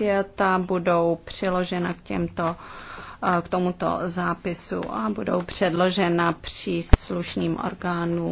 přijata, budou přiložena k těmto eh, k tomuto zápisu a budou předložena příslušným orgánům.